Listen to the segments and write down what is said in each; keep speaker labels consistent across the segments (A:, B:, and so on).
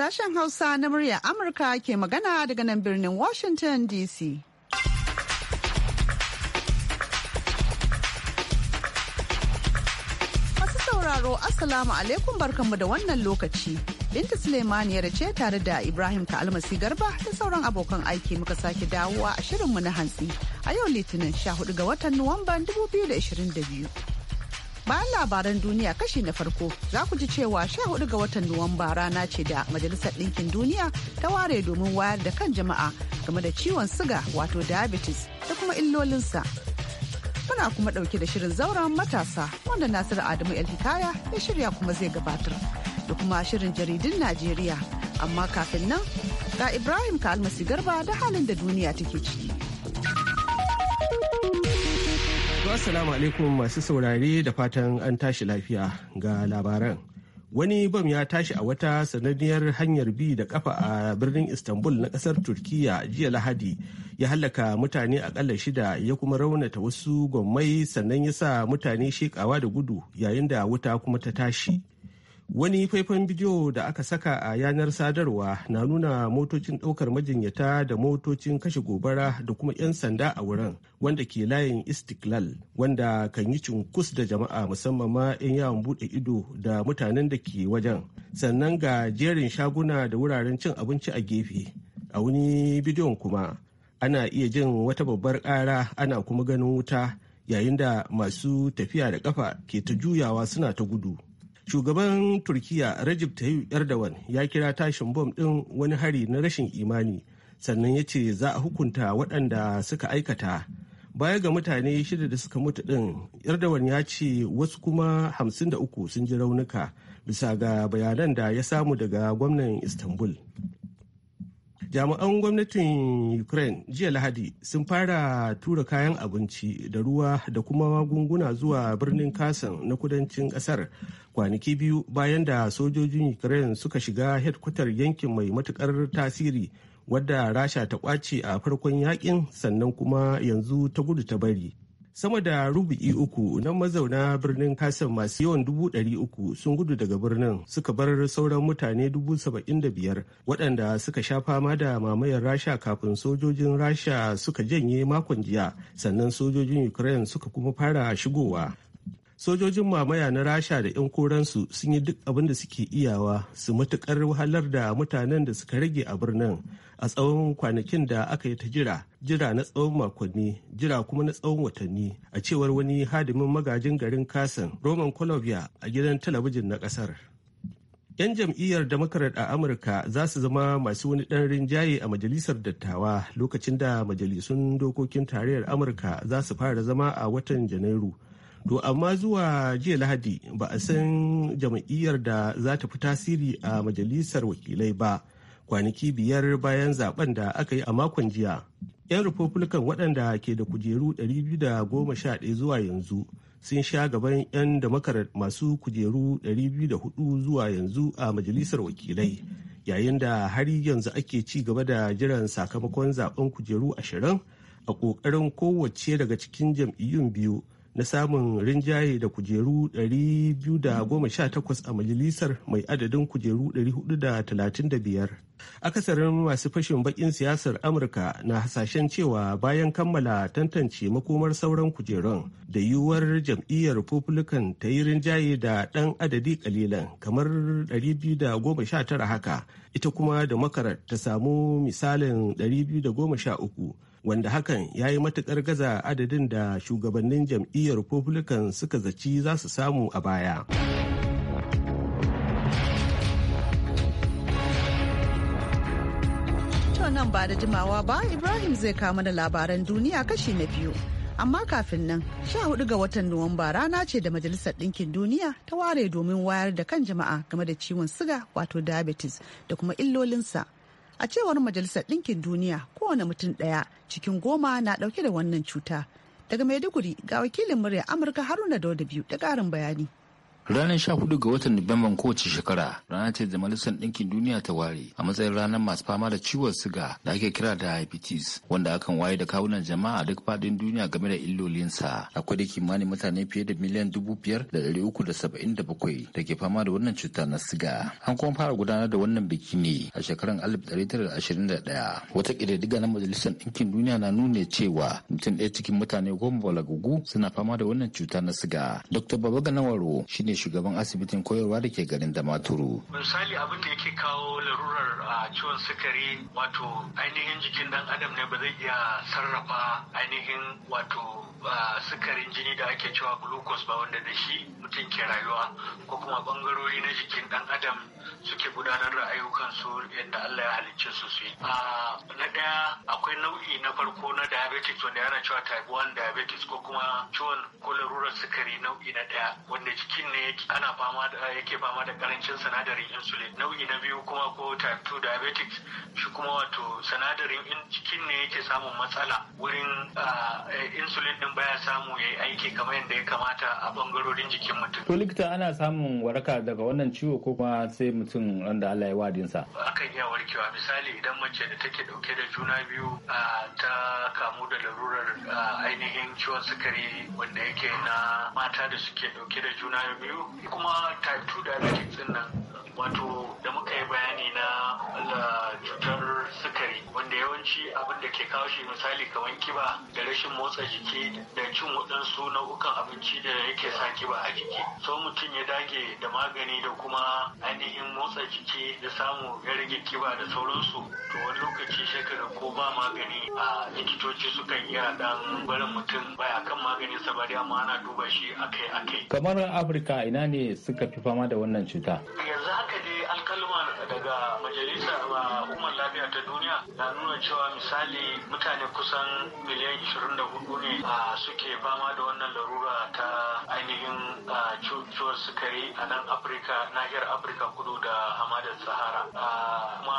A: Sashen Hausa na murya Amurka ke magana daga nan birnin Washington DC. Masu sauraro Assalamu alaikum barkanmu da wannan lokaci. Binta Suleimani ya ce tare da Ibrahim Almasi Garba da sauran abokan aiki muka sake dawowa a shirinmu na hantsi a yau Litinin 14 ga watan Nuwamban 2022. bayan labaran duniya kashi na farko za ku ji cewa 14 ga watan nuwamba rana ce da majalisar ɗinkin duniya ta ware domin wayar da kan jama'a game da ciwon siga wato diabetes da kuma illolinsa muna kuma ɗauke da shirin zauren matasa wanda nasiru adamu hikaya ya shirya kuma zai gabatar da kuma shirin jaridun najeriya amma kafin nan ga ibrahim ka almasi garba da halin da duniya take ciki
B: Assalamu alaikum masu saurare da fatan an tashi lafiya ga labaran. Wani bam ya tashi a wata sanadiyar hanyar bi da kafa a birnin Istanbul na kasar Turkiyya jiya Lahadi ya hallaka mutane akalla shida ya kuma raunata wasu gwammai sannan ya sa mutane shekawa da gudu yayin da wuta kuma ta tashi. Wani faifan bidiyo da aka saka a yanar sadarwa na nuna motocin ɗaukar majinyata da motocin kashe gobara da kuma 'yan sanda a wurin wanda ke layin Istiklal wanda kan yi cunkus da jama'a musamman ma 'yan yawon buɗe ido da mutanen da ke wajen. Sannan ga jerin shaguna da wuraren cin abinci a gefe. A wani bidiyon kuma ana iya jin wata babbar ƙara ana kuma ganin wuta yayin da masu tafiya da ƙafa ke ta juyawa suna ta gudu. shugaban turkiya rajib tayyip erdogan ya kira tashin bom ɗin wani hari na rashin imani sannan ya ce za a hukunta waɗanda suka aikata baya ga mutane shida da suka mutu ɗin erdogan ya ce wasu kuma hamsin da uku sun ji raunuka bisa ga bayanan da ya samu daga gwamnan istanbul jami'an gwamnatin ukraine jiya lahadi sun fara tura kayan abinci da ruwa da kuma magunguna zuwa birnin kasan na kudancin kasar kwanaki biyu bayan da sojojin ukraine suka shiga hedkwatar yankin mai matukar tasiri wadda rasha ta kwace a farkon yakin sannan kuma yanzu ta gudu ta bari sama da rubu'i uku na mazauna birnin kasan masu yawan dubu ɗari uku sun gudu daga birnin suka bar sauran mutane dubu saba'in da biyar waɗanda suka sha fama da mamayar rasha kafin sojojin rasha suka janye makon jiya sannan sojojin ukraine suka kuma fara shigowa sojojin mamaya na rasha da 'yan koransu sun yi duk abin da suke iyawa su matukar wahalar da mutanen da suka rage a birnin a tsawon kwanakin da aka yi ta jira jira na tsawon makonni jira kuma na tsawon watanni a cewar wani hadimin magajin garin kasan roman colombia a gidan talabijin na kasar 'yan jam'iyyar democrat a amurka za su zama masu wani ɗan rinjaye a majalisar dattawa lokacin da majalisun dokokin tarayyar amurka za su fara zama a watan janairu To amma zuwa jiya Lahadi ba a san jam'iyyar da za ta fi tasiri a majalisar wakilai ba kwanaki biyar bayan zaben da aka yi a makon jiya. 'Yan Republican waɗanda ke da kujeru 211 zuwa yanzu sun sha gaban 'yan damakarar masu kujeru 204 zuwa yanzu a majalisar wakilai yayin da har yanzu ake ci gaba da jiran sakamakon zaben kujeru 20 a ƙoƙarin kowace daga cikin jam'iyyun biyu na samun rinjaye da kujeru 218 a majalisar mai adadin kujeru 435. Akasarin masu fashin bakin siyasar Amurka na hasashen cewa bayan kammala tantance makomar sauran kujerun da yiwuwar jam'iyyar Republican ta yi rinjaye da ɗan adadi kalilan kamar 219 haka, ita kuma da makarar ta samu misalin 213. wanda hakan ya yi matukar gaza adadin da shugabannin jam'iyyar republican suka zaci za su samu a baya
A: to nan ba da jimawa ba ibrahim zai kama da labaran duniya kashi na biyu amma kafin nan sha hudu ga watan nuwamba rana ce da majalisar ɗinkin duniya ta ware domin wayar da kan jama'a game da ciwon siga wato diabetes da kuma illolinsa a cewar majalisar ɗinkin duniya kowane mutum ɗaya cikin goma na ɗauke da wannan cuta daga maiduguri ga wakilin murya amurka haruna biyu da ƙarin bayani
C: Ranar 14 ga watan Nuwamban kowace shekara rana ce da Majalisar Ɗinkin Duniya ta ware a matsayin ranar masu fama da ciwon siga da ake kira da diabetes wanda akan waye da kawunan jama'a duk faɗin duniya game da illolinsa. Akwai da kimanin mutane fiye da miliyan dubu biyar da ɗari uku da saba'in da bakwai da ke fama da wannan cuta na siga. An kuma fara gudanar da wannan biki ne a shekarar alif ɗari tara da ashirin da ɗaya. Wata ƙididdiga na Majalisar Ɗinkin Duniya na nuna cewa mutum ɗaya cikin mutane goma balagugu suna fama da wannan cuta na siga. Dr. Baba Ganawaro shine shugaban asibitin koyarwa da ke garin damaturu
D: misali abin da yake kawo larurar a ah, ciwon sukari wato ainihin jikin dan adam ne ba zai iya sarrafa ainihin wato ah, sukarin jini da ake cewa glucose ba wanda da shi mutum ke rayuwa ko kuma bangarori na jikin dan adam suke gudanar da ayyukan su yadda Allah ya halicce su su yi. Ah, na ɗaya akwai nau'i na farko na diabetes wanda yana cewa type 1 diabetes ko kuma ciwon kwalarurar sukari nau'i na ɗaya wanda jikin ne ana fama da yake fama da karancin sinadarin insulin. Nau'i na biyu kuma ko type 2 diabetes shi kuma wato sinadarin cikin ne yake samun matsala wurin ah, eh, insulin din baya samu ya yi aiki kamar yadda ya kamata a bangarorin jikin mutum.
C: To likita ana samun waraka daga wannan ciwo ko kuma sai mutum mutum wanda Allah ya wadinsa.
D: Akan iya warkewa misali idan mace da take dauke da juna biyu ta kamu da larurar ainihin ciwon sukari wanda yake na mata da suke dauke da juna biyu kuma type 2 diabetes nan wato da muka yi bayani na
E: cutar sukari wanda yawanci abin da ke kawo shi misali kamar kiba da rashin motsa jiki da cin waɗansu nau'ukan abinci da yake sa kiba a jiki so mutum ya dage da
D: magani da kuma ainihin motsa jiki da samu ya rage kiba da sauransu to wani lokaci shekara ko ba magani a likitoci sukan iya dan barin mutum baya kan magani sabari ba amma ana duba shi akai-akai.
C: Kamar Afirka ina ne suka fi fama da wannan cuta?
D: Yanzu haka dai daga majalisa wa uh, hukumar lafiya ta duniya na nuna cewa misali mutane kusan miliyan 24 ne uh, suke fama da wannan larura ta ainihin uh, cutuwar sukari a nan afirka nahiyar afirka kudu da hamadar sahara kuma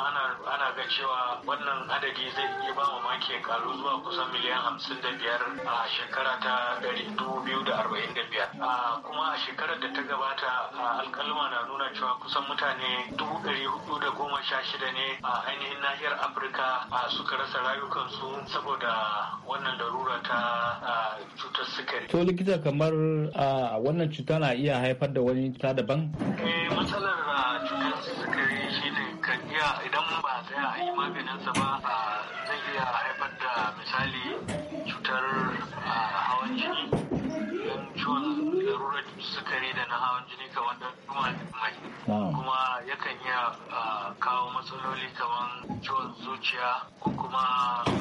D: ana ga cewa wannan adadi zai iya ba mamaki karu zuwa kusan miliyan 55 a shekara ta 2045 kuma a shekarar da ta gabata alkalma na nuna cewa kusan mutane 400 hudu da goma sha shida ne a ainihin nahiyar afirka suka rasa rayukansu saboda wannan larura ta cutar sukari to
C: likita kamar wannan cuta na iya haifar da wani cuta daban
D: eh, matsalar cutar sukari shine kan iya idan ba tsaya a yi maganinsa ba zai iya haifar da misali cutar hawan jini ciwon larurar sukari da na hawan jini kamar tunani kuma yakan iya ah, kawo matsaloli kamar ciwon zuciya ko kuma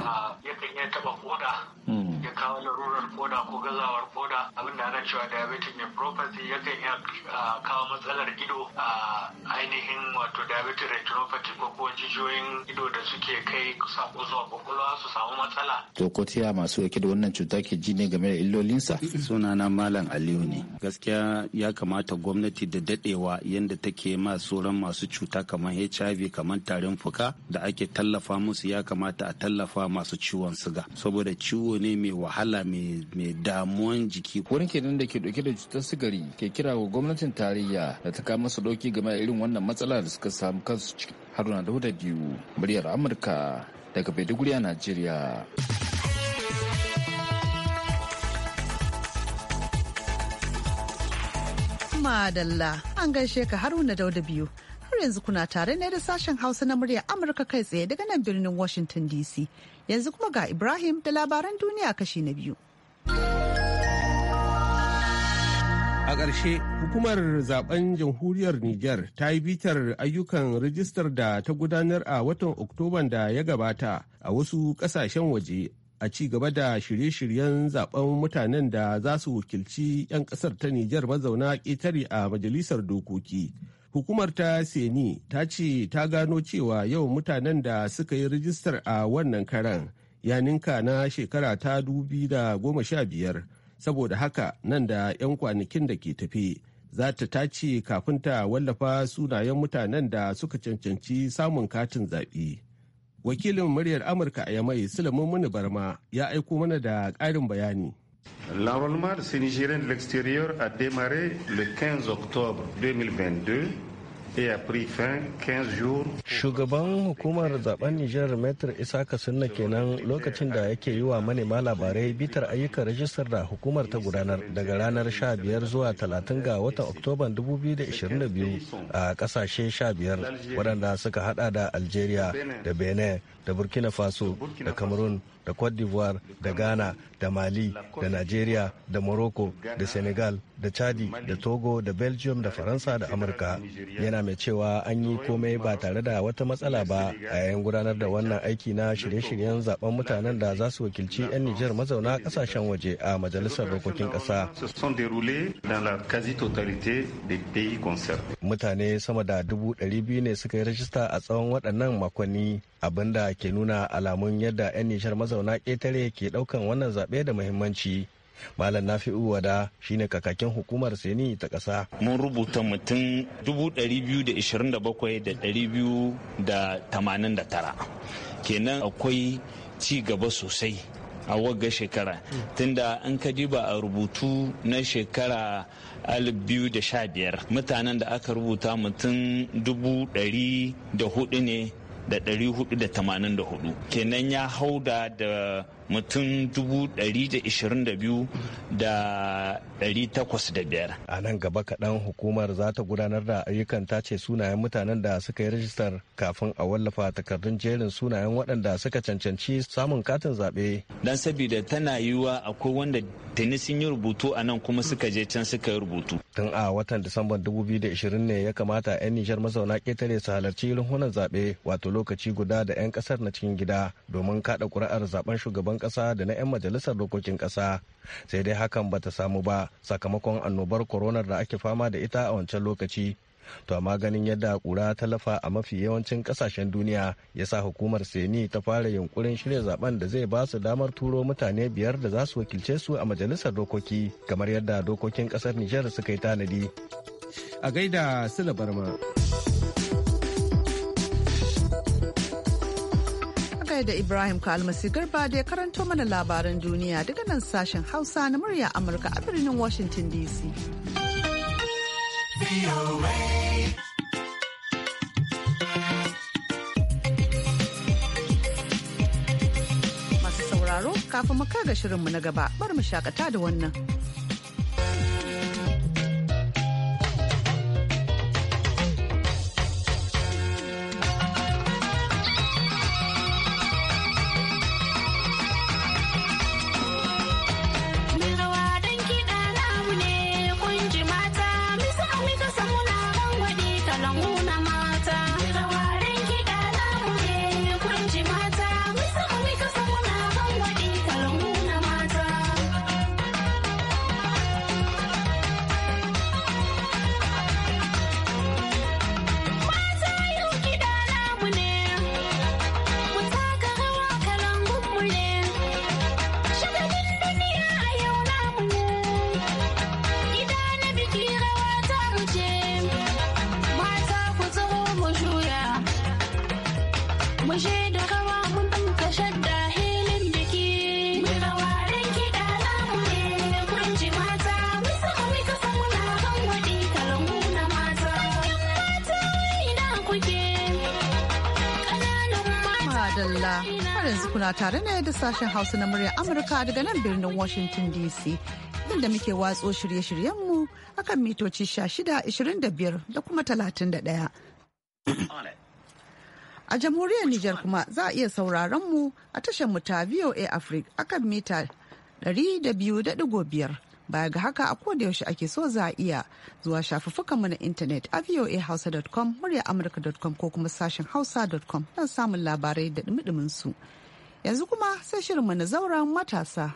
D: ah, yakan iya taba koda hmm. ya kawo larurar koda ko gazawar koda abinda ana cewa diabetic nephropathy yakan iya ah, kawo matsalar ido a ainihin wato diabetic retinopathy ko kuma jijiyoyin ido da suke kai sako zuwa kwakwalwa su samu matsala.
C: To ko tiya masu yake da wannan cuta ke ji ne game da illolinsa? Sunana Malam Aliyu ne. Gaskiya ya kamata gwamnati da dadewa da take ma sauran masu cuta kamar hiv kamar tarin fuka da ake tallafa musu ya kamata a tallafa masu ciwon suga saboda ciwo ne mai wahala mai damuwan jiki wurin kenan da ke dauke da cutar sigari ke kira wa gwamnatin tarayya da ta kama su dauki game da irin wannan matsala da suka samu kansu haruna da biyu muryar amurka daga maiduguri a najeriya
A: Madalla an gaishe ka haruna dauda biyu. Har yanzu kuna tare ne da sashen Hausa na murya Amurka kai tsaye daga nan birnin Washington DC. Yanzu kuma ga Ibrahim da labaran duniya kashi na biyu.
B: A ƙarshe, hukumar zaben jamhuriyar Nijar ta yi bitar ayyukan rijistar da ta gudanar a watan Oktoban da ya gabata a wasu ƙasashen waje a ci gaba da shirye-shiryen zaben mutanen da za su wakilci 'yan kasar ta Nijar mazauna ƙetare a majalisar dokoki. Hukumar ta Seni ta ce ta gano cewa yau mutanen da suka yi rijistar a wannan karan ya ninka na shekara ta goma sha biyar saboda haka nan da 'yan kwanakin da ke tafe za ta tace kafin ta wallafa sunayen mutanen da suka cancanci samun katin zaɓe. wakilin muryar amurka a yamai sulaiman muni barma ya aiko mana da ƙarin bayani
F: L'enrôlement de ces Nigériens de l'extérieur a démarré le 15 octobre 2022
E: Shugaban hukumar zaben Nijar Metro Isaka Sunna kenan lokacin da yake yi wa manema labarai bitar ayyukan rajistar da hukumar ta gudanar daga ranar 15 zuwa 30 ga watan Oktoban 2022 a kasashe 15 waɗanda suka hada da Algeria da Benin da Burkina Faso da Cameroon da cote d'ivoire da ghana da mali da nigeria da morocco da senegal da chadi da togo da belgium da faransa da amurka yana mai cewa an yi komai ba tare da wata matsala ba a yayin gudanar da wannan aiki na shirye-shiryen zaben mutanen da za su wakilci 'yan nijar mazauna kasashen waje a majalisar dokokin kasa mutane sama da dubu ɗari biyu ne suka yi rajista a tsawon waɗannan makonni abinda ke nuna alamun yadda 'yan nishar mazauna ƙetare ke ɗaukan wannan zaɓe da muhimmanci. Malam na Nafi'u Wada shine kakakin hukumar Seni ta ƙasa.
C: Mun rubuta mutum 227,289 kenan akwai ci gaba sosai a wagga shekara tunda an ka diba a rubutu na shekara 2015 mutanen da aka rubuta mutum 400 ne da 484 kenan ya hauda da mutum 122 da biyar.
E: a nan gaba kaɗan hukumar za ta gudanar da ayyukan tace sunayen mutanen da suka yi rajistar kafin a wallafa takardun jerin sunayen waɗanda suka cancanci samun katin zaɓe
C: don sabida tana yiwuwa akwai wanda tuni sun yi rubutu a nan kuma suka je can suka yi rubutu
E: tun a watan disamban 2020 ne ya kamata 'yan nijar mazauna ƙetare su halarci runhunan zaɓe wato lokaci guda da 'yan ƙasar na cikin gida domin kaɗa ƙuri'ar zaɓen shugaban ƙasa da na 'yan majalisar dokokin ƙasa sai dai hakan ba ta samu ba sakamakon annobar koronar da ake fama da ita a wancan lokaci to amma ganin yadda kura lafa a mafi yawancin kasashen duniya ya sa hukumar seni ta fara yunkurin shirya zaben da zai ba su damar turo mutane biyar da za su wakilce su a majalisar dokoki kamar yadda dokokin kasar nijar suka yi tanadi a gaida sila barma
A: gai da Ibrahim Kalmasi Garba da ya karanto mana labaran duniya daga nan sashen Hausa na murya Amurka a birnin Washington DC. Masu sauraro kafin mu kai ga shirinmu na gaba, bari mu shakata da wannan. tare ne da sashen Hausa na murya Amurka daga nan birnin Washington DC. Inda muke watso shirye-shiryenmu akan mitoci 16-25 da kuma 31. A jamhuriyar Nijar kuma za a iya sauraron mu a tashar ta VOA Africa akan mita 200.5. baya ga haka a koda yaushe ake so za a iya zuwa mu na intanet a voahausa.com murya amurka.com ko kuma sashen hausa.com don samun labarai da dumi su Yanzu kuma sai shirinmu na zauren matasa.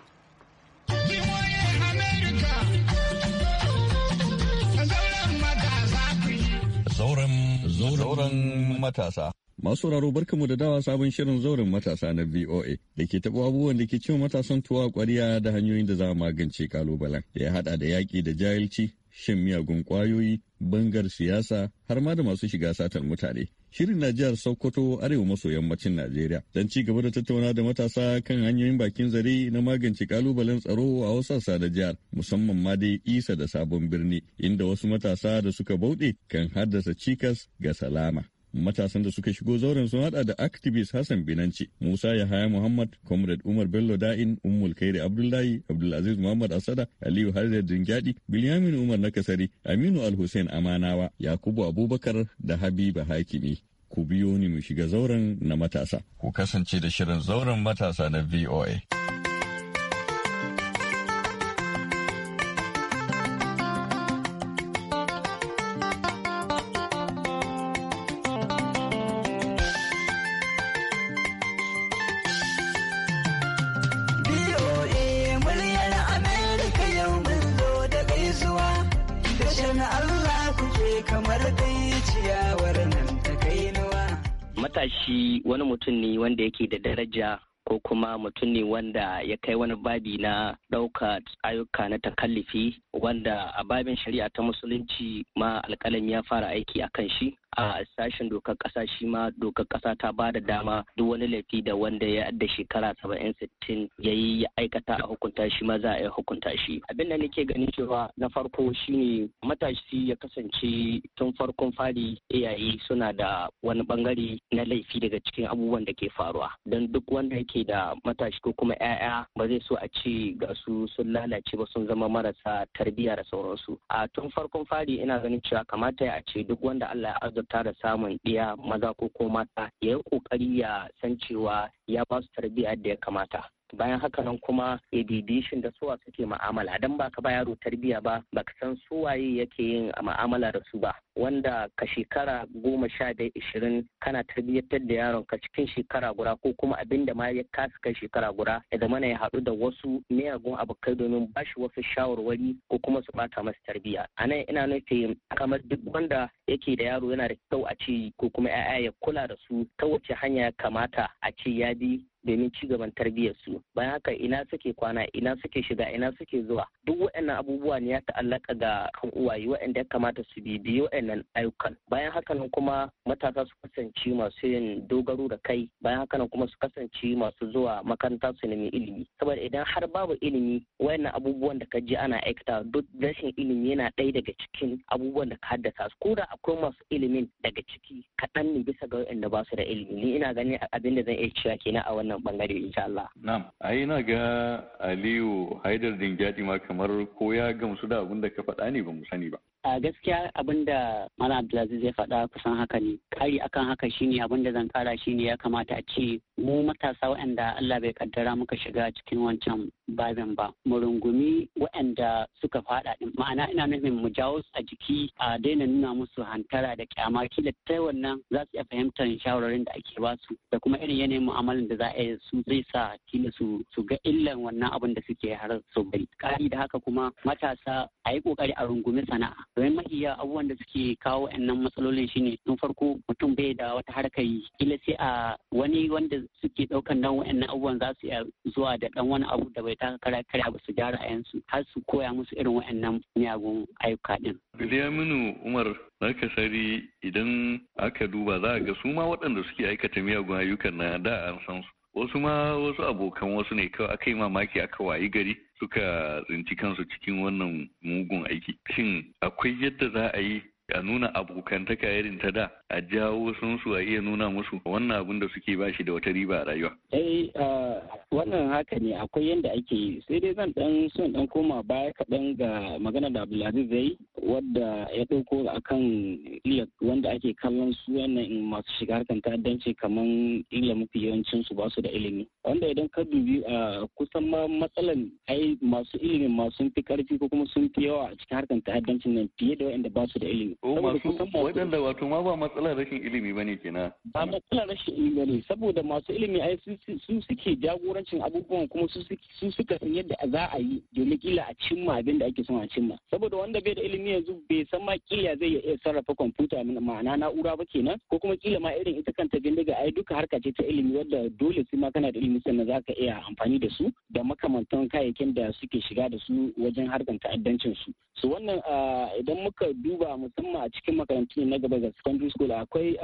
G: Zauren matasa. Masu sauraro barkamu da dawa sabon shirin zauren matasa na VOA da ke taɓa abubuwan da ke cewa matasan tuwa ƙwariya da hanyoyin da za a magance kalubalen da ya haɗa da yaƙi da jahilci, shan miyagun ƙwayoyi, bangar siyasa har ma da masu shiga satar mutane. Shirin na jihar Sokoto arewa maso yammacin Najeriya don ci gaba da tattauna da matasa kan hanyoyin bakin zare na magance kalubalen tsaro a wasu sassa da jihar musamman ma dai isa da sabon birni inda wasu matasa da suka bauɗe kan haddasa cikas ga salama. Matasan da suka shigo zauren sun hada da activist Hassan Binanci, Musa Yahaya Muhammad, Comrade Umar Bello Da'in, Ummul Kairi Abdullahi, Abdulaziz Muhammad Asada, Aliyu Hazir Dingyadi, Bilyamin Umar Nakasari, Aminu al Amanawa, Yakubu Abubakar da Habiba Hakimi. Ku biyo ni mu shiga zauren na matasa. Ku kasance da shirin zauren matasa na VOA.
H: shi wani mutum ne wanda yake da daraja ko kuma mutum ne wanda ya kai wani babi na ɗauka ayyuka na takallifi wanda a babin shari'a ta musulunci ma alƙalami ya fara aiki a kan shi a sashen dokar kasa shi ma dokar kasa ta ba da dama duk wani laifi da wanda ya da shekara saba'in sittin ya yi ya aikata a hukunta shi ma za a yi hukunta shi abin da nake ganin cewa na farko shine matashi ya kasance tun farkon fari iyaye suna da wani bangare na laifi daga cikin abubuwan da ke faruwa don duk wanda yake da matashi ko kuma 'ya'ya ba zai so a ce ga su sun lalace ba sun zama marasa tarbiyya da sauransu a tun farkon fari ina ganin cewa kamata ya ce duk wanda Allah ya azurta da samun ɗiya maza ko mata ya yi ƙoƙari ya san cewa ya ba su tarbiyyar da ya kamata bayan haka nan kuma addition da suwa suke ma'amala dan baka ba yaro tarbiya ba baka san suwaye yake yin ma'amala da su ba wanda ka shekara goma sha da ishirin kana tarbiyyantar da yaron ka cikin shekara gura, ko kuma abin da ma ya kasa kai shekara guda ya zama ya haɗu da wasu miyagun abokai domin ba shi wasu shawarwari ko kuma su bata masa tarbiyya a nan ina nufin kamar duk wanda yake da yaro yana da kyau a ce ko kuma 'ya'ya ya kula da su ta wace hanya ya kamata a ce ya bi domin ci gaban tarbiyyar su bayan haka ina suke kwana ina suke shiga ina suke zuwa duk waɗannan abubuwa ne ya ta'allaka ga kan uwaye waɗanda ya kamata su bibi waɗannan ayyukan bayan haka nan kuma matasa su kasance masu yin dogaro da kai bayan haka nan kuma su kasance masu zuwa makaranta su nemi ilimi saboda idan har babu ilimi waɗannan abubuwan da ka je ana aikata duk rashin ilimi yana ɗaya daga cikin abubuwan da ka haddasa su ko akwai masu ilimin daga ciki kaɗan ne bisa ga waɗanda ba su da ilimi ni ina ganin abin da zan iya cewa kenan a wannan wannan bangare insha Allah.
I: Na'am, ai na ga Aliyu Haidar Dingyadi ma kamar ko ya gamsu da abin da ka faɗa ne ba mu sani ba.
H: A gaskiya abinda Malam Abdulaziz ya faɗa kusan haka ne. Kari akan haka shine abinda zan kara shine ya kamata a ce mu matasa waɗanda Allah bai kaddara muka shiga cikin wancan babin ba. Mu rungumi waɗanda suka faɗa din. Ma'ana ina nufin mu jawo su a jiki a daina nuna musu hantara da kyama kila ta wannan za su iya fahimtar shawarwarin da ake ba su da kuma irin yanayin mu'amalan da za a yi su zai sa kila su su ga illan wannan abin da suke har su bari. Kari da haka kuma matasa a yi kokari a rungumi sana'a. domin mahiya abubuwan da suke kawo wa'annan matsalolin shine tun farko mutum bai da wata harkar yi kila sai a wani wanda suke daukan nan wa'annan abubuwan za su iya zuwa da ɗan wani abu da bai taka kara kare ba su ja ra'ayinsu har su koya musu irin wa'annan miyagun
I: ayyuka din. Biliyaminu Umar zaka sari idan aka duba za a ga su ma waɗanda suke aikata miyagun ayyukan na da an san su. Wasu ma wasu abokan wasu ne kawai aka yi mamaki aka wayi gari suka tsinci kansu cikin wannan mugun aiki shin akwai yadda za a yi a nuna abokantaka irin ta da a jawo sun a iya nuna musu wannan abun da suke bashi da wata riba a rayuwa.
J: Eh wannan haka ne akwai yadda ake yi sai dai zan dan son dan koma baya kaɗan ga magana da Abdulaziz zai wadda ya ɗauko a kan wanda ake kallon su wannan masu shiga harkar ta'addanci kamar illa mafi yawancin su ba su da ilimi wanda idan ka dubi a kusan ma matsalan ai masu ilimi masu fi karfi ko kuma sun fi yawa a cikin harkar ta'addancin nan fiye da waɗanda ba su da ilimi. Oh, waɗanda
I: wato ma ba matsalar rashin ilimi ba ne kenan. ba matsalar rashin ilimi ba ne saboda masu ilimi ai su suke jagorancin
J: abubuwan kuma su suka san yadda za a yi domin kila a cimma abin da ake son a cimma saboda wanda bai da ilimi yanzu bai san ma kila zai iya sarrafa kwamfuta ma'ana na'ura ba kenan ko kuma kila ma irin ita kanta bindiga ai duka harka ce ta ilimi wadda dole sai ma kana da ilimi sannan zaka iya amfani da su da makamantan kayayyakin da suke shiga da su wajen harkan ta'addancin su su wannan idan muka duba musamman a cikin makarantu na gaba ga secondary school akwai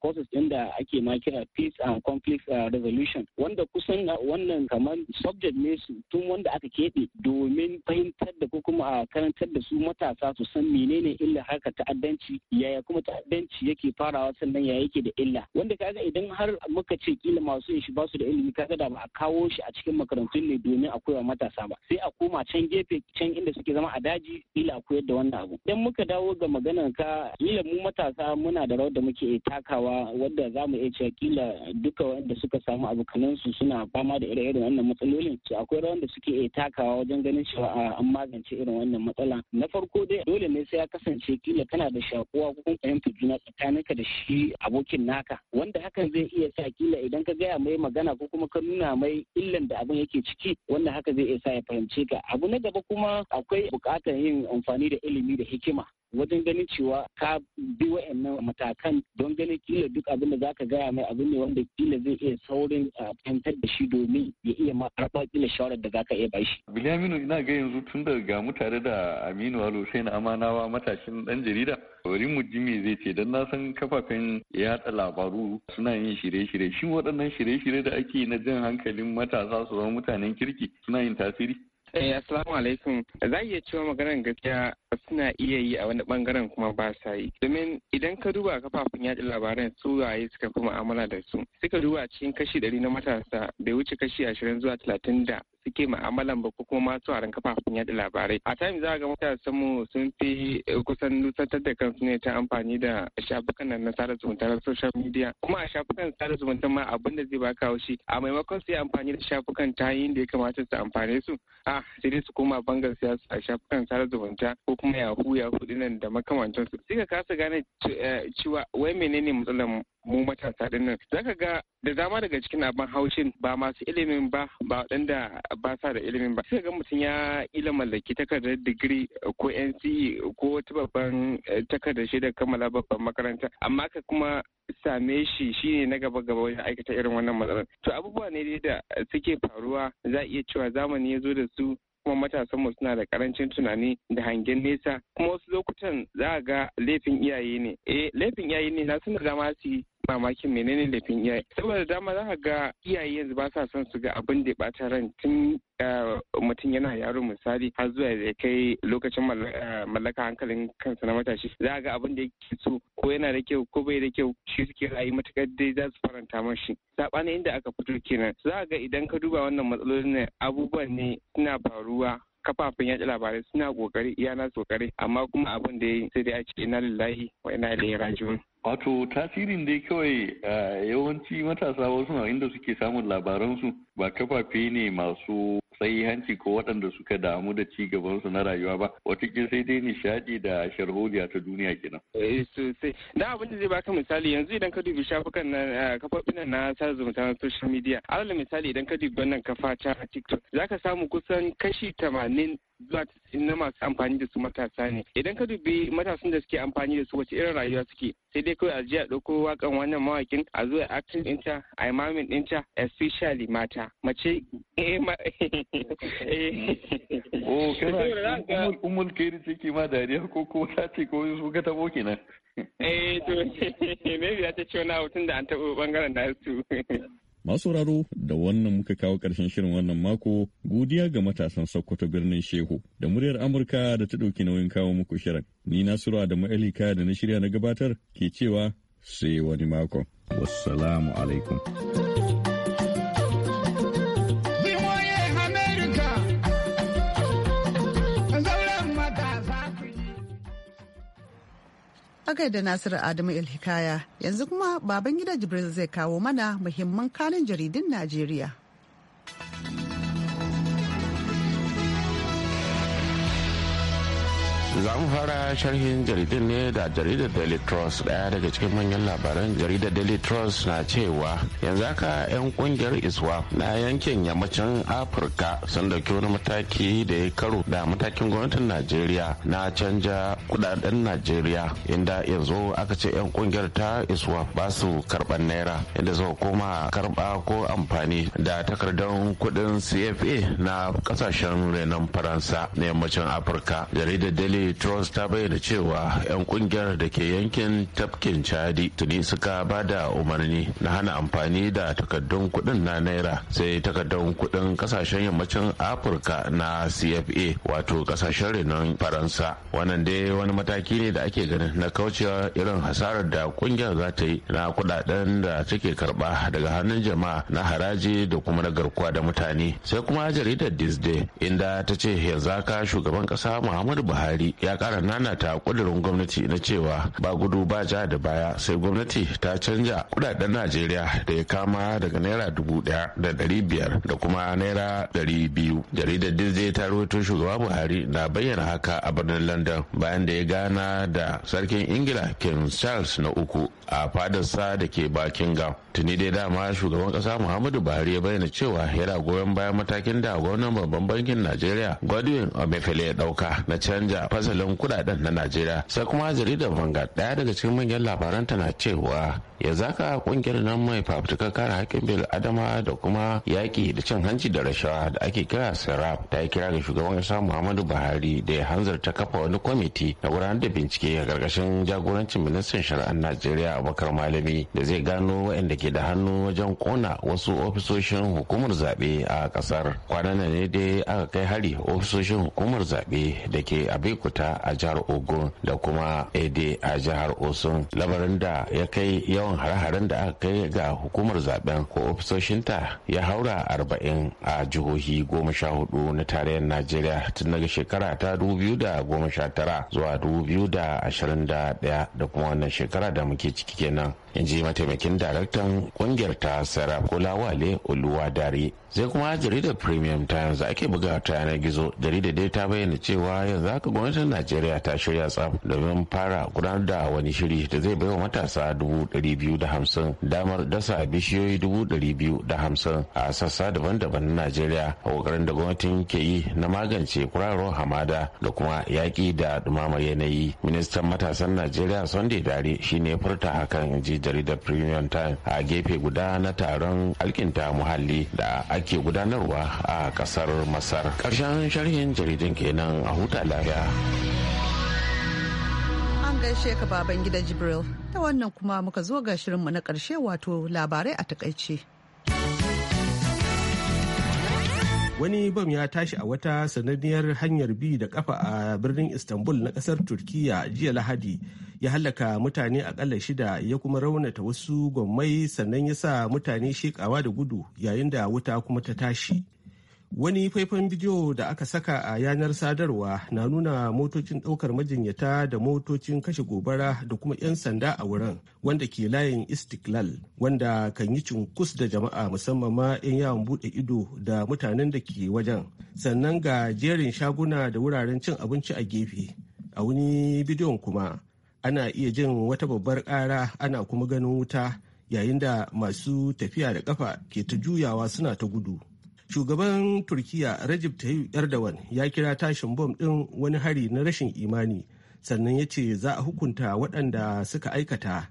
J: courses din da ake ma kira peace and conflict resolution wanda kusan wannan kamar subject ne su tun wanda aka keɓe domin fahimtar da ko kuma a karantar da su matasa su san menene illa haka ta'addanci yaya kuma ta'addanci yake farawa sannan ya yake da illa wanda kaga idan har muka ce kila masu yin shi ba su da ilimi kaga da ba a kawo shi a cikin makarantun ne domin a koya matasa ba sai a koma can gefe can inda suke zama a daji kila a koyar da wannan abu idan muka dawo ga maganar ka kila mu matasa muna da rawar da muke takawa wadda za mu iya cewa kila duka wanda suka samu abokanan su suna fama da ire-iren wannan matsalolin su akwai rawar da suke takawa wajen ganin cewa an magance irin wannan matsala na farko dai dole ne sai ya kasance kila kana da shakuwa ko kuma fahimtar juna ka da shi abokin naka wanda hakan zai iya sa kila idan ka gaya mai magana ko kuma ka nuna mai illan da abin yake ciki wanda haka zai iya sa ya fahimce ka abu na gaba kuma akwai bukatar yin amfani da ilimi da hikima wajen ganin cewa ka bi wa'annan matakan don ganin kila duk abin da za ka gaya mai abin ne wanda kila zai iya saurin fahimtar da shi domin ya iya ma'arfa kila shawarar da za ka iya bashi.
I: Bilaminu ina ga yanzu tun da ga mu tare da Aminu Alo sai na amanawa matashin dan jarida. Bari mu ji me zai ce don na san kafafen yatsa labaru suna yin shirye-shirye. Shin waɗannan shirye-shirye da ake na jan hankalin matasa su zama mutanen kirki suna yin tasiri? Eh, assalamu alaikum. Za iya cewa maganar gaskiya
K: suna iya yi a wani bangaren kuma ba sa yi. Domin idan ka duba kafafun yaɗa labaran su waye suka fi mu'amala da su. Suka duba cikin kashi ɗari na matasa bai wuce kashi ashirin zuwa talatin da suke ma'amalan ba ko kuma masu haran kafafen yada labarai a time za ga matasan mu sun fi eh, kusan nusantar da kansu ne ta amfani da shafukan nan na sada zumunta na social media kuma a shafukan sada zumunta ma abin da zai ka haushi a maimakon su yi amfani da shafukan ta yin da ya kamata su amfane su a sai dai su koma bangar siyasa a shafukan sada zumunta ko kuma yahu yahu dinan da makamantansu sai ka kasa gane eh, cewa wai menene matsalar mu mu matasa din nan zaka ga da dama daga cikin abin haushin ba masu ilimin ba ba wadanda ba sa da ilimin ba sai ga mutum ya ila mallaki takardar digiri ko NCE ko wata babban eh, takardar shaidar kammala babban makaranta amma ka kuma same shi shine na gaba gaba wajen aikata irin wannan matsalar to abubuwa ne da suke faruwa za iya cewa zamani ya zo da su kuma matasan mu suna da karancin tunani da hangen nesa kuma wasu lokutan za ga laifin iyaye ne eh laifin iyaye ne na suna zama su mamakin menene laifin iyaye saboda dama za ka ga iyaye yanzu ba sa son su ga abin da ya bata ran tun eh, mutum yana yaro misali har zuwa da kai lokacin eh, mallaka hankalin kansa na matashi za ga abin da yake so ko yana da kyau ko bai da kyau shi suke ra'ayi matukar dai za su faranta mashi sabanin inda aka fito kenan za ga idan ka duba wannan matsalolin ne abubuwan ne suna faruwa kafafen yaki labarai suna kokari iyana
I: kokari amma kuma abin da ya sai dai a ce ina lillahi wa ina ilaihi raji'un Wato tasirin dai kawai yawanci matasa wasu na inda suke samun labaransu ba kafafe ne masu sai hanci ko waɗanda suka damu da ci gabansu na rayuwa ba wataƙil sai dai nishadi da sharholiya ta duniya kenan. Eh, sosai da abin da zai baka misali yanzu idan
K: ka dubi shafukan na eh, kafofin na sada zumunta na social media alal misali idan ka dubi wannan kafa ta tiktok zaka samu kusan kashi tamanin zuwa na masu amfani da su matasa ne idan ka dubi matasan da suke amfani da su wace irin rayuwa suke sai dai kawai a a ɗauko wakan wannan mawakin a zuwa a acting ɗinta a imamin ɗinta especially mata mace
I: eh, Oh, um, um, um o ma dariya ko ko ta da
K: an tabo bangaren da
G: da wannan muka kawo karshen shirin wannan mako godiya ga matasan Sokoto birnin Shehu da muryar Amurka da ta ɗauki nauyin kawo muku shirin. Ni Nasiru da Ma'alika da na shirya na gabatar ke cewa sai wani mako. Wassalamu alaikum.
A: a da Nasiru Adamu Ilhikaya yanzu kuma baban gida Jibril zai kawo mana muhimman kanin jaridun Najeriya.
F: za mu fara sharhin jaridin ne da jaridar daily trust daya daga cikin manyan labaran jaridar daily trust na cewa yanzu haka 'yan kungiyar iswa na yankin yammacin afirka sun dauki wani mataki da ya karo da matakin gwamnatin najeriya na canja kudaden najeriya inda yanzu aka ce 'yan kungiyar ta iswa ba su karban naira inda suka koma karba ko amfani da takardar kudin cfa na kasashen renon faransa na yammacin afirka jaridar daily unity trust ta bayyana cewa 'yan kungiyar da ke yankin tafkin chadi tuni suka ba da umarni na hana amfani da takardun kudin na naira sai takardun kudin kasashen yammacin afirka na cfa wato kasashen renon faransa wannan dai wani mataki ne da ake ganin na kaucewa irin hasarar da kungiyar za ta yi na kudaden da take karba daga hannun jama'a na haraji da kuma na garkuwa da mutane sai kuma jaridar disney inda ta ce yanzu haka shugaban kasa muhammadu buhari ya kara nanata kudurin gwamnati na cewa ba gudu ba ja da baya sai gwamnati ta canja kudaden najeriya da ya kama daga naira dubu daya da dari biyar da kuma naira dari biyu jaridar dizze ta rawaito shugaba buhari na bayyana haka a birnin london bayan da ya gana da sarkin ingila king charles na uku a fadarsa da ke bakin gam tuni dai dama shugaban kasa muhammadu buhari ya bayyana cewa yana goyon bayan matakin da gwamnan babban bankin najeriya godwin omefele ya dauka na canja fasa fasalin kudaden na najeriya sai kuma jaridar vanguard daya daga cikin manyan labaranta na cewa ya zaka kungiyar nan mai fafutukar kare hakkin bil adama da kuma yaƙi da cin hanci da rashawa da ake kira sarraf ta yi kira ga shugaban kasa muhammadu buhari da ya hanzarta kafa wani kwamiti na gudanar da bincike a ƙarƙashin jagorancin ministan shari'ar najeriya abubakar malami da zai gano waɗanda ke da hannu wajen kona wasu ofisoshin hukumar zaɓe a ƙasar kwanan ne dai aka kai hari ofisoshin hukumar zaɓe da ke abekuta ta a jihar ogun da kuma ede a jihar osun labarin da ya kai yawan hare-haren da aka kai ga hukumar zaben ko ofisoshinta ya haura arba'in a jihohi goma sha hudu na tarayyar najeriya tun daga shekara ta dubu biyu da goma sha tara zuwa dubu biyu da ashirin da daya da kuma wannan shekara da muke ciki kenan in ji mataimakin daraktan kungiyar ta sarakola wale oluwadare sai kuma jaridar premium times ake buga ta yanar gizo jaridar dai ta bayyana cewa yanzu aka gwamnati gwamnatin najeriya ta shirya tsaf domin fara gudanar da wani shiri da zai baiwa matasa dubu hamsin damar dasa bishiyoyi dubu da hamsin a sassa daban-daban na najeriya a kokarin da gwamnatin ke yi na magance kurarowar hamada da kuma yaƙi da ɗumamar yanayi ministan matasan najeriya sunday dare shine furta hakan ji jaridar premium time a gefe guda na taron alkinta muhalli da ake gudanarwa a ƙasar masar ƙarshen sharhin jaridin kenan a huta lafiya.
A: An gaishe ka baban gida Jibril. Ta wannan kuma muka zo ga shirinmu na ƙarshe wato labarai a takaice.
B: Wani bam ya tashi a wata sananniyar hanyar bi da kafa a birnin Istanbul na ƙasar Turkiyya jiya Lahadi ya halaka mutane akalla shida ya kuma raunata wasu gwammai sannan ya sa mutane shekawa da gudu yayin da wuta kuma ta tashi. Wani faifan bidiyo da aka saka a yanar sadarwa na nuna motocin ɗaukar majinyata da motocin kashe gobara da kuma 'yan sanda a wurin wanda ke layin Istiklal wanda kan yi cunkus da jama'a musamman ma 'yan yawon buɗe ido da mutanen da ke wajen. Sannan ga jerin shaguna da wuraren cin abinci a gefe. A wani bidiyon kuma ana iya jin wata babbar ƙara ana kuma ganin wuta yayin da masu tafiya da ƙafa ke ta juyawa suna ta gudu. shugaban turkiya rajib tayyip erdogan ya kira tashin bom ɗin wani hari na rashin imani sannan ya ce za a hukunta waɗanda suka aikata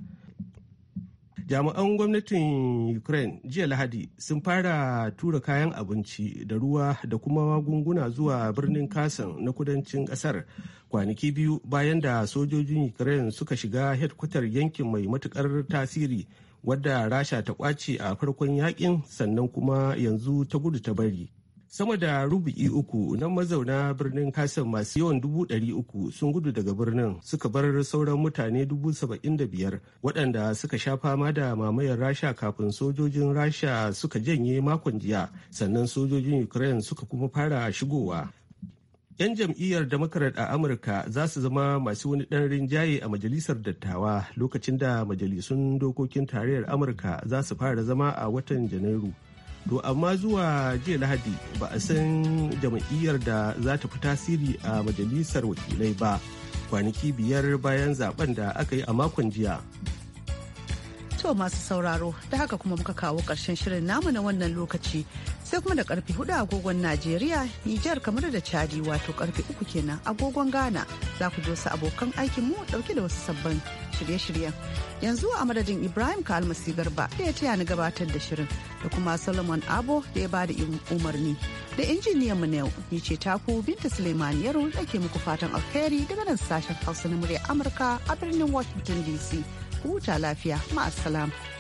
B: jami'an gwamnatin ukraine jiya lahadi sun fara tura kayan abinci da ruwa da kuma magunguna zuwa birnin kasan na kudancin kasar kwanaki biyu bayan da sojojin ukraine suka shiga hedkwatar yankin mai matukar tasiri wadda rasha ta kwace a farkon yakin sannan kuma yanzu ta gudu ta bari sama da rubu'i uku na mazauna birnin kasan masu yawan dubu ɗari uku sun gudu daga birnin suka bar sauran mutane dubu saba'in da biyar waɗanda suka sha fama da mamayar rasha kafin sojojin rasha suka janye makon jiya sannan sojojin ukraine suka kuma fara shigowa 'yan jam'iyyar democrat a amurka za su zama masu wani ɗan rinjaye a majalisar dattawa lokacin da majalisun dokokin tarayyar amurka za su fara zama a watan janairu to amma zuwa jiya lahadi ba a san jam'iyyar da za ta fi tasiri a majalisar wakilai ba kwanaki biyar bayan zaben da aka yi a makon jiya
A: To masu sauraro ta haka kuma muka kawo ƙarshen shirin namu na wannan lokaci sai kuma da karfe hudu agogon Najeriya, Nijar kamar da Chadi wato karfe uku kenan agogon Ghana za ku dosa abokan aikin mu dauke da wasu sabbin shirye-shiryen. Yanzu a madadin Ibrahim Kalmasi Garba da ya taya ni gabatar da shirin da kuma Solomon Abo da ya bada umarni. Da injiniyan mu na yau, ni ce taku Binta Suleiman Yaro da ke muku fatan alheri daga nan sashen Hausa na murya Amurka a birnin Washington DC. Huta lafiya, ma'assalam.